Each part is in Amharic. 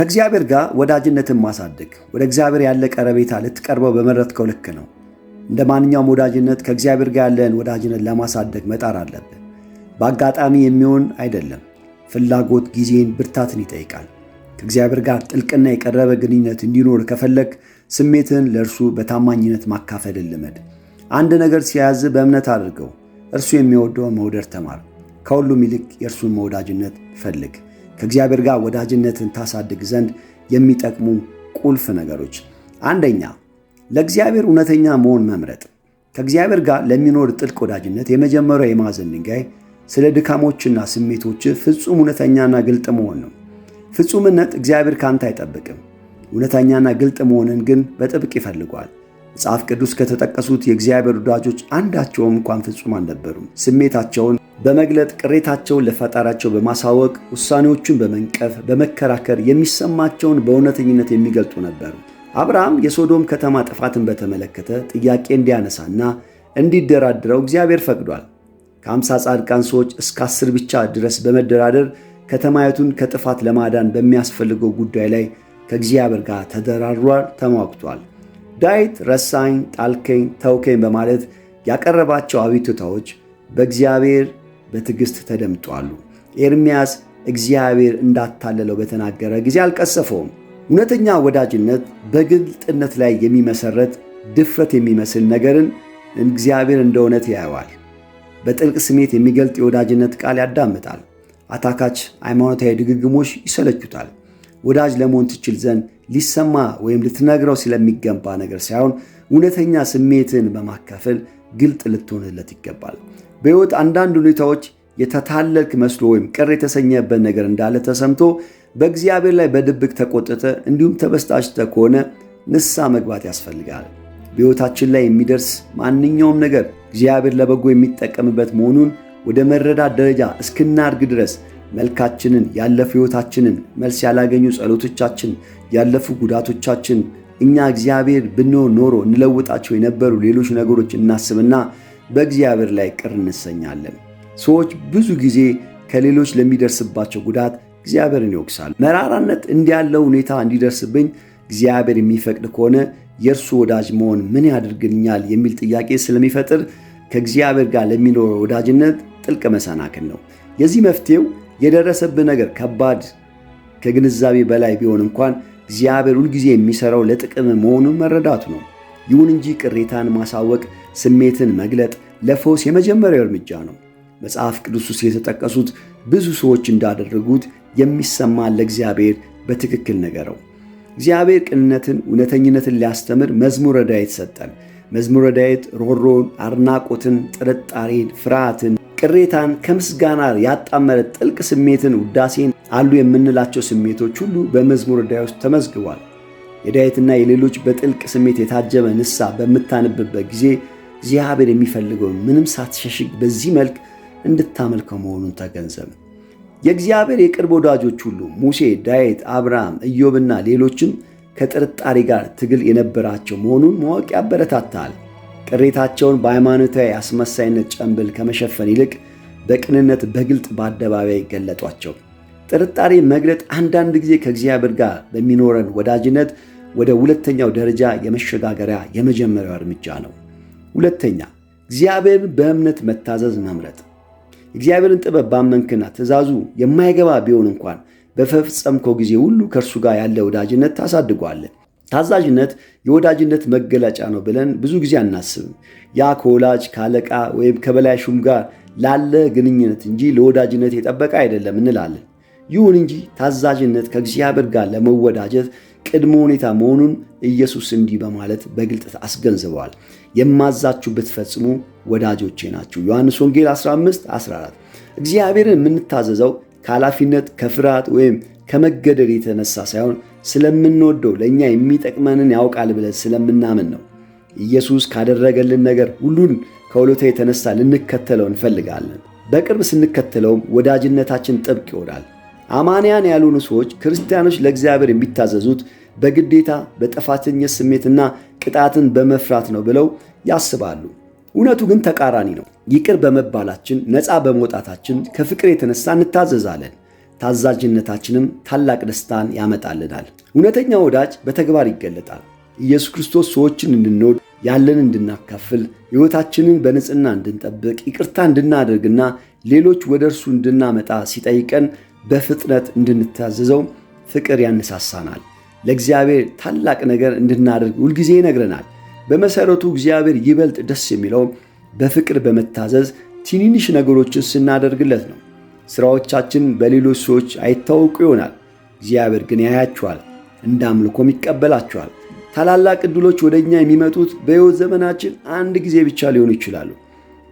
ከእግዚአብሔር ጋር ወዳጅነትን ማሳደግ ወደ እግዚአብሔር ያለ ቀረቤታ ልትቀርበው በመረጥከው ልክ ነው። እንደ ማንኛውም ወዳጅነት ከእግዚአብሔር ጋር ያለን ወዳጅነት ለማሳደግ መጣር አለብን። በአጋጣሚ የሚሆን አይደለም። ፍላጎት ጊዜን፣ ብርታትን ይጠይቃል። ከእግዚአብሔር ጋር ጥልቅና የቀረበ ግንኙነት እንዲኖር ከፈለግ ስሜትን ለእርሱ በታማኝነት ማካፈል ልመድ። አንድ ነገር ሲያዝ በእምነት አድርገው። እርሱ የሚወደውን መውደድ ተማር። ከሁሉም ይልቅ የእርሱን መወዳጅነት ፈልግ። ከእግዚአብሔር ጋር ወዳጅነትን ታሳድግ ዘንድ የሚጠቅሙ ቁልፍ ነገሮች፣ አንደኛ ለእግዚአብሔር እውነተኛ መሆን መምረጥ። ከእግዚአብሔር ጋር ለሚኖር ጥልቅ ወዳጅነት የመጀመሪያው የማዕዘን ድንጋይ ስለ ድካሞችና ስሜቶች ፍጹም እውነተኛና ግልጥ መሆን ነው። ፍጹምነት እግዚአብሔር ካንተ አይጠብቅም። እውነተኛና ግልጥ መሆንን ግን በጥብቅ ይፈልጓል። መጽሐፍ ቅዱስ ከተጠቀሱት የእግዚአብሔር ወዳጆች አንዳቸውም እንኳን ፍጹም አልነበሩም። ስሜታቸውን በመግለጥ ቅሬታቸውን ለፈጣሪያቸው በማሳወቅ ውሳኔዎቹን በመንቀፍ በመከራከር የሚሰማቸውን በእውነተኝነት የሚገልጡ ነበሩ። አብርሃም የሶዶም ከተማ ጥፋትን በተመለከተ ጥያቄ እንዲያነሳና እንዲደራድረው እግዚአብሔር ፈቅዷል። ከአምሳ ጻድቃን ሰዎች እስከ አስር ብቻ ድረስ በመደራደር ከተማይቱን ከጥፋት ለማዳን በሚያስፈልገው ጉዳይ ላይ ከእግዚአብሔር ጋር ተደራድሯል፣ ተሟግቷል። ዳዊት ረሳኝ፣ ጣልከኝ፣ ተውከኝ በማለት ያቀረባቸው አቤቱታዎች በእግዚአብሔር በትዕግሥት ተደምጧሉ። ኤርምያስ እግዚአብሔር እንዳታለለው በተናገረ ጊዜ አልቀሰፈውም። እውነተኛ ወዳጅነት በግልጥነት ላይ የሚመሰረት ድፍረት የሚመስል ነገርን እግዚአብሔር እንደ እውነት ያየዋል። በጥልቅ ስሜት የሚገልጥ የወዳጅነት ቃል ያዳምጣል። አታካች ሃይማኖታዊ ድግግሞች ይሰለቹታል። ወዳጅ ለመሆን ትችል ዘንድ ሊሰማ ወይም ልትነግረው ስለሚገባ ነገር ሳይሆን እውነተኛ ስሜትን በማካፈል ግልጥ ልትሆንለት ይገባል። በሕይወት አንዳንድ ሁኔታዎች የተታለልክ መስሎ ወይም ቅር የተሰኘበት ነገር እንዳለ ተሰምቶ በእግዚአብሔር ላይ በድብቅ ተቆጥተ እንዲሁም ተበስጣጭተ ከሆነ ንሳ መግባት ያስፈልጋል። በሕይወታችን ላይ የሚደርስ ማንኛውም ነገር እግዚአብሔር ለበጎ የሚጠቀምበት መሆኑን ወደ መረዳት ደረጃ እስክናድግ ድረስ መልካችንን፣ ያለፉ ሕይወታችንን፣ መልስ ያላገኙ ጸሎቶቻችን፣ ያለፉ ጉዳቶቻችን እኛ እግዚአብሔር ብንሆን ኖሮ እንለውጣቸው የነበሩ ሌሎች ነገሮች እናስብና በእግዚአብሔር ላይ ቅር እንሰኛለን። ሰዎች ብዙ ጊዜ ከሌሎች ለሚደርስባቸው ጉዳት እግዚአብሔርን ይወቅሳል። መራራነት እንዲያለው ሁኔታ እንዲደርስብኝ እግዚአብሔር የሚፈቅድ ከሆነ የእርሱ ወዳጅ መሆን ምን ያደርግልኛል የሚል ጥያቄ ስለሚፈጥር ከእግዚአብሔር ጋር ለሚኖረው ወዳጅነት ጥልቅ መሰናክል ነው። የዚህ መፍትሄው የደረሰብህ ነገር ከባድ ከግንዛቤ በላይ ቢሆን እንኳን እግዚአብሔር ሁልጊዜ የሚሠራው ለጥቅም መሆኑን መረዳቱ ነው። ይሁን እንጂ ቅሬታን ማሳወቅ፣ ስሜትን መግለጥ ለፈውስ የመጀመሪያው እርምጃ ነው። መጽሐፍ ቅዱስ ውስጥ የተጠቀሱት ብዙ ሰዎች እንዳደረጉት የሚሰማ ለእግዚአብሔር በትክክል ነገረው። እግዚአብሔር ቅንነትን፣ እውነተኝነትን ሊያስተምር መዝሙረ ዳዊት ሰጠን። መዝሙረ ዳዊት ሮሮን፣ አድናቆትን፣ ጥርጣሬን፣ ፍርሃትን፣ ቅሬታን ከምስጋና ያጣመረ ጥልቅ ስሜትን፣ ውዳሴን አሉ የምንላቸው ስሜቶች ሁሉ በመዝሙር ዳዊት ውስጥ ተመዝግቧል። የዳዊትና የሌሎች በጥልቅ ስሜት የታጀበ ንሳ በምታነብበት ጊዜ እግዚአብሔር የሚፈልገው ምንም ሳትሸሽግ በዚህ መልክ እንድታመልከው መሆኑን ተገንዘብ። የእግዚአብሔር የቅርብ ወዳጆች ሁሉ ሙሴ፣ ዳዊት፣ አብርሃም፣ ኢዮብና ሌሎችም ከጥርጣሬ ጋር ትግል የነበራቸው መሆኑን ማወቅ ያበረታታል። ቅሬታቸውን በሃይማኖታዊ አስመሳይነት ጨንብል ከመሸፈን ይልቅ በቅንነት በግልጥ በአደባባይ ገለጧቸው። ጥርጣሬ መግለጥ አንዳንድ ጊዜ ከእግዚአብሔር ጋር በሚኖረን ወዳጅነት ወደ ሁለተኛው ደረጃ የመሸጋገሪያ የመጀመሪያው እርምጃ ነው። ሁለተኛ እግዚአብሔር በእምነት መታዘዝ መምረጥ። እግዚአብሔርን ጥበብ ባመንክና ትእዛዙ የማይገባ ቢሆን እንኳን በፈጸምከው ጊዜ ሁሉ ከእርሱ ጋር ያለ ወዳጅነት ታሳድጓለን። ታዛዥነት የወዳጅነት መገለጫ ነው ብለን ብዙ ጊዜ አናስብም። ያ ከወላጅ ከአለቃ ወይም ከበላይ ሹም ጋር ላለ ግንኙነት እንጂ ለወዳጅነት የጠበቀ አይደለም እንላለን። ይሁን እንጂ ታዛዥነት ከእግዚአብሔር ጋር ለመወዳጀት ቅድመ ሁኔታ መሆኑን ኢየሱስ እንዲህ በማለት በግልጥ አስገንዝበዋል። የማዛችሁ ብትፈጽሙ ወዳጆቼ ናችሁ። ዮሐንስ ወንጌል 15 14። እግዚአብሔርን የምንታዘዘው ከኃላፊነት ከፍርሃት ወይም ከመገደል የተነሳ ሳይሆን ስለምንወደው ለእኛ የሚጠቅመንን ያውቃል ብለን ስለምናምን ነው። ኢየሱስ ካደረገልን ነገር ሁሉን ከውለታ የተነሳ ልንከተለው እንፈልጋለን። በቅርብ ስንከተለውም ወዳጅነታችን ጥብቅ ይሆናል። አማንያን ያልሆኑ ሰዎች ክርስቲያኖች ለእግዚአብሔር የሚታዘዙት በግዴታ በጥፋተኝነት ስሜትና ቅጣትን በመፍራት ነው ብለው ያስባሉ። እውነቱ ግን ተቃራኒ ነው። ይቅር በመባላችን ነፃ በመውጣታችን ከፍቅር የተነሳ እንታዘዛለን። ታዛዥነታችንም ታላቅ ደስታን ያመጣልናል። እውነተኛ ወዳጅ በተግባር ይገለጣል። ኢየሱስ ክርስቶስ ሰዎችን እንድንወድ፣ ያለን እንድናካፍል፣ ሕይወታችንን በንጽህና እንድንጠብቅ፣ ይቅርታ እንድናደርግና ሌሎች ወደ እርሱ እንድናመጣ ሲጠይቀን በፍጥነት እንድንታዘዘው ፍቅር ያነሳሳናል። ለእግዚአብሔር ታላቅ ነገር እንድናደርግ ሁልጊዜ ይነግረናል። በመሰረቱ እግዚአብሔር ይበልጥ ደስ የሚለው በፍቅር በመታዘዝ ትንንሽ ነገሮችን ስናደርግለት ነው። ሥራዎቻችን በሌሎች ሰዎች አይታወቁ ይሆናል። እግዚአብሔር ግን ያያችኋል፣ እንደ አምልኮም ይቀበላችኋል። ታላላቅ ዕድሎች ወደ እኛ የሚመጡት በሕይወት ዘመናችን አንድ ጊዜ ብቻ ሊሆኑ ይችላሉ።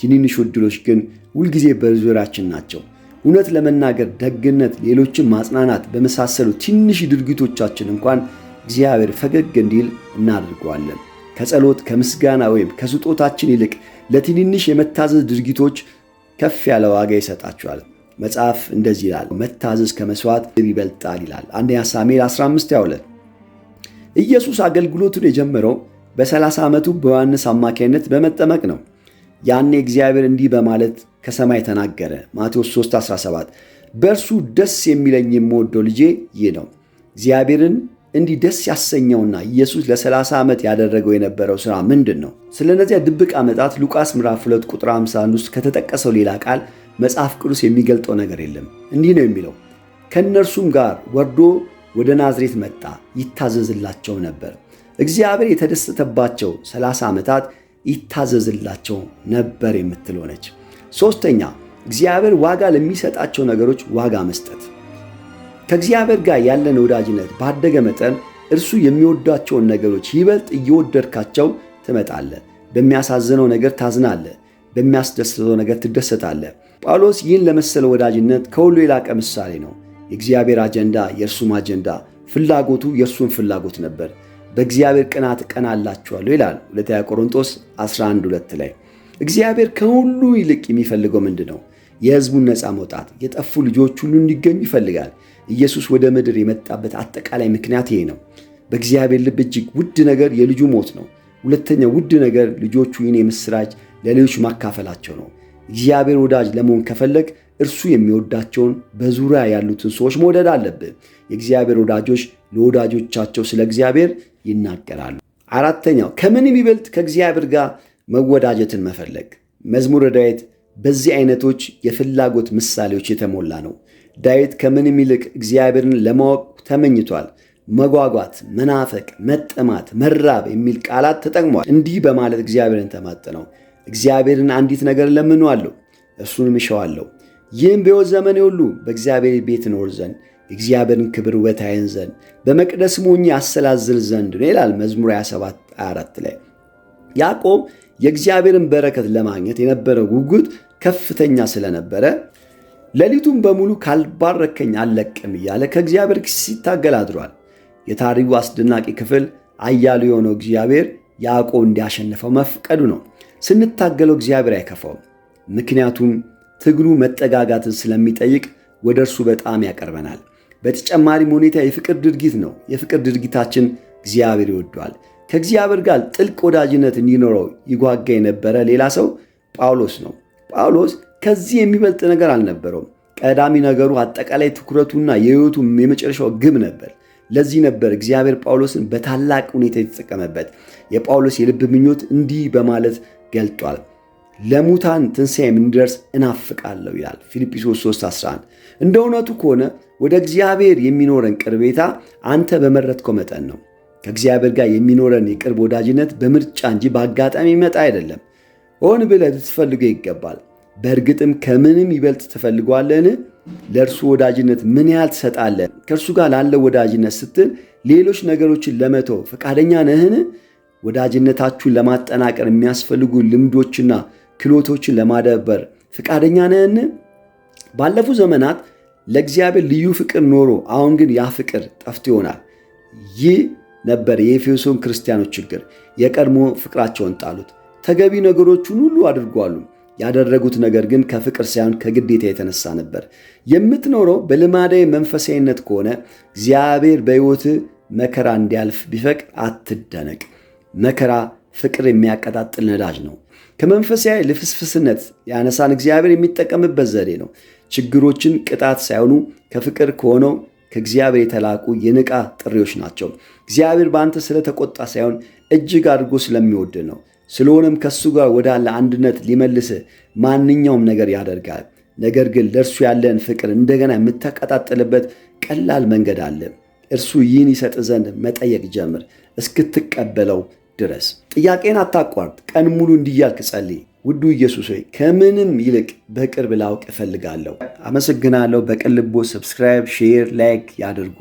ትንንሽ ዕድሎች ግን ሁልጊዜ በዙሪያችን ናቸው። እውነት ለመናገር ደግነት፣ ሌሎችን ማጽናናት በመሳሰሉ ትንሽ ድርጊቶቻችን እንኳን እግዚአብሔር ፈገግ እንዲል እናደርገዋለን። ከጸሎት ከምስጋና ወይም ከስጦታችን ይልቅ ለትንንሽ የመታዘዝ ድርጊቶች ከፍ ያለ ዋጋ ይሰጣቸዋል። መጽሐፍ እንደዚህ ይላል፣ መታዘዝ ከመስዋዕት ይበልጣል ይላል። አንደኛ ሳሙኤል 15:22 ኢየሱስ አገልግሎቱን የጀመረው በ30 ዓመቱ በዮሐንስ አማካይነት በመጠመቅ ነው። ያኔ እግዚአብሔር እንዲህ በማለት ከሰማይ ተናገረ። ማቴዎስ 3:17 በእርሱ ደስ የሚለኝ የምወደው ልጄ ይህ ነው። እግዚአብሔርን እንዲህ ደስ ያሰኘውና ኢየሱስ ለ30 ዓመት ያደረገው የነበረው ሥራ ምንድን ነው? ስለ እነዚያ ድብቅ ዓመታት ሉቃስ ምዕራፍ 2 ቁጥር 51 ውስጥ ከተጠቀሰው ሌላ ቃል መጽሐፍ ቅዱስ የሚገልጠው ነገር የለም። እንዲህ ነው የሚለው ከእነርሱም ጋር ወርዶ ወደ ናዝሬት መጣ፣ ይታዘዝላቸው ነበር። እግዚአብሔር የተደሰተባቸው 30 ዓመታት ይታዘዝላቸው ነበር የምትለው ሆነች። ሶስተኛ እግዚአብሔር ዋጋ ለሚሰጣቸው ነገሮች ዋጋ መስጠት። ከእግዚአብሔር ጋር ያለን ወዳጅነት ባደገ መጠን እርሱ የሚወዳቸውን ነገሮች ይበልጥ እየወደድካቸው ትመጣለህ። በሚያሳዝነው ነገር ታዝናለህ፣ በሚያስደስተው ነገር ትደሰታለህ። ጳውሎስ ይህን ለመሰለ ወዳጅነት ከሁሉ የላቀ ምሳሌ ነው። የእግዚአብሔር አጀንዳ የእርሱም አጀንዳ፣ ፍላጎቱ የእርሱን ፍላጎት ነበር። በእግዚአብሔር ቅናት እቀናላችኋለሁ ይላል ሁለተኛ ቆሮንቶስ 11 2 ላይ እግዚአብሔር ከሁሉ ይልቅ የሚፈልገው ምንድን ነው? የህዝቡን ነፃ መውጣት፣ የጠፉ ልጆች ሁሉ እንዲገኙ ይፈልጋል። ኢየሱስ ወደ ምድር የመጣበት አጠቃላይ ምክንያት ይሄ ነው። በእግዚአብሔር ልብ እጅግ ውድ ነገር የልጁ ሞት ነው። ሁለተኛው ውድ ነገር ልጆቹ ይህን የምሥራች ለሌሎች ማካፈላቸው ነው። እግዚአብሔር ወዳጅ ለመሆን ከፈለግ እርሱ የሚወዳቸውን በዙሪያ ያሉትን ሰዎች መውደድ አለብህ። የእግዚአብሔር ወዳጆች ለወዳጆቻቸው ስለ እግዚአብሔር ይናገራሉ። አራተኛው ከምንም ይበልጥ ከእግዚአብሔር ጋር መወዳጀትን መፈለግ። መዝሙረ ዳዊት በዚህ አይነቶች የፍላጎት ምሳሌዎች የተሞላ ነው። ዳዊት ከምንም ይልቅ እግዚአብሔርን ለማወቅ ተመኝቷል። መጓጓት፣ መናፈቅ፣ መጠማት፣ መራብ የሚል ቃላት ተጠቅሟል። እንዲህ በማለት እግዚአብሔርን ተማጠነው። እግዚአብሔርን አንዲት ነገር ለምነዋለሁ፣ እርሱንም እሻዋለሁ፣ ይህም በሕይወት ዘመኔ ሁሉ በእግዚአብሔር ቤት እኖር ዘንድ የእግዚአብሔርን ክብር ወታየን ዘንድ በመቅደስ ሞኝ ያሰላዝል ዘንድ ነው ይላል መዝሙር 27 24 ላይ። ያዕቆብ የእግዚአብሔርን በረከት ለማግኘት የነበረው ጉጉት ከፍተኛ ስለነበረ ሌሊቱን በሙሉ ካልባረከኝ አልለቅም እያለ ከእግዚአብሔር ሲታገል አድሯል። የታሪኩ አስደናቂ ክፍል አያሉ የሆነው እግዚአብሔር ያዕቆብ እንዲያሸንፈው መፍቀዱ ነው። ስንታገለው እግዚአብሔር አይከፋውም፣ ምክንያቱም ትግሉ መጠጋጋትን ስለሚጠይቅ ወደ እርሱ በጣም ያቀርበናል። በተጨማሪም ሁኔታ የፍቅር ድርጊት ነው። የፍቅር ድርጊታችን እግዚአብሔር ይወደዋል። ከእግዚአብሔር ጋር ጥልቅ ወዳጅነት እንዲኖረው ይጓጋ የነበረ ሌላ ሰው ጳውሎስ ነው። ጳውሎስ ከዚህ የሚበልጥ ነገር አልነበረውም። ቀዳሚ ነገሩ አጠቃላይ ትኩረቱና የህይወቱ የመጨረሻው ግብ ነበር። ለዚህ ነበር እግዚአብሔር ጳውሎስን በታላቅ ሁኔታ የተጠቀመበት። የጳውሎስ የልብ ምኞት እንዲህ በማለት ገልጧል። ለሙታን ትንሣኤም እንዲደርስ እናፍቃለሁ ይላል ፊልጵስዩስ 3:11። እንደ እውነቱ ከሆነ ወደ እግዚአብሔር የሚኖረን ቅርቤታ አንተ በመረጥከው መጠን ነው። ከእግዚአብሔር ጋር የሚኖረን የቅርብ ወዳጅነት በምርጫ እንጂ በአጋጣሚ ይመጣ አይደለም። ሆን ብለህ ልትፈልገው ይገባል። በእርግጥም ከምንም ይበልጥ ትፈልጓለን። ለእርሱ ወዳጅነት ምን ያህል ትሰጣለን? ከእርሱ ጋር ላለው ወዳጅነት ስትል ሌሎች ነገሮችን ለመተው ፈቃደኛ ነህን? ወዳጅነታችሁን ለማጠናቀር የሚያስፈልጉ ልምዶችና ክህሎቶችን ለማዳበር ፈቃደኛ ነህን? ባለፉ ዘመናት ለእግዚአብሔር ልዩ ፍቅር ኖሮ አሁን ግን ያ ፍቅር ጠፍቶ ይሆናል። ይህ ነበር የኤፌሶን ክርስቲያኖች ችግር። የቀድሞ ፍቅራቸውን ጣሉት፣ ተገቢ ነገሮቹን ሁሉ አድርጓሉ። ያደረጉት ነገር ግን ከፍቅር ሳይሆን ከግዴታ የተነሳ ነበር። የምትኖረው በልማዳዊ መንፈሳዊነት ከሆነ እግዚአብሔር በሕይወት መከራ እንዲያልፍ ቢፈቅድ አትደነቅ። መከራ ፍቅር የሚያቀጣጥል ነዳጅ ነው። ከመንፈሳዊ ልፍስፍስነት ያነሳን እግዚአብሔር የሚጠቀምበት ዘዴ ነው። ችግሮችን ቅጣት ሳይሆኑ ከፍቅር ከሆነው ከእግዚአብሔር የተላቁ የንቃ ጥሪዎች ናቸው። እግዚአብሔር በአንተ ስለተቆጣ ሳይሆን እጅግ አድርጎ ስለሚወድ ነው። ስለሆነም ከእሱ ጋር ወዳለ አንድነት ሊመልስ ማንኛውም ነገር ያደርጋል። ነገር ግን ለእርሱ ያለን ፍቅር እንደገና የምታቀጣጥልበት ቀላል መንገድ አለ። እርሱ ይህን ይሰጥ ዘንድ መጠየቅ ጀምር እስክትቀበለው ድረስ። ጥያቄን አታቋርጥ። ቀን ሙሉ እንዲያልክ ጸልይ። ውዱ ኢየሱስ ሆይ ከምንም ይልቅ በቅርብ ላውቅ እፈልጋለሁ። አመሰግናለሁ። በቅን ልቦ ሰብስክራይብ፣ ሼር፣ ላይክ ያድርጉ።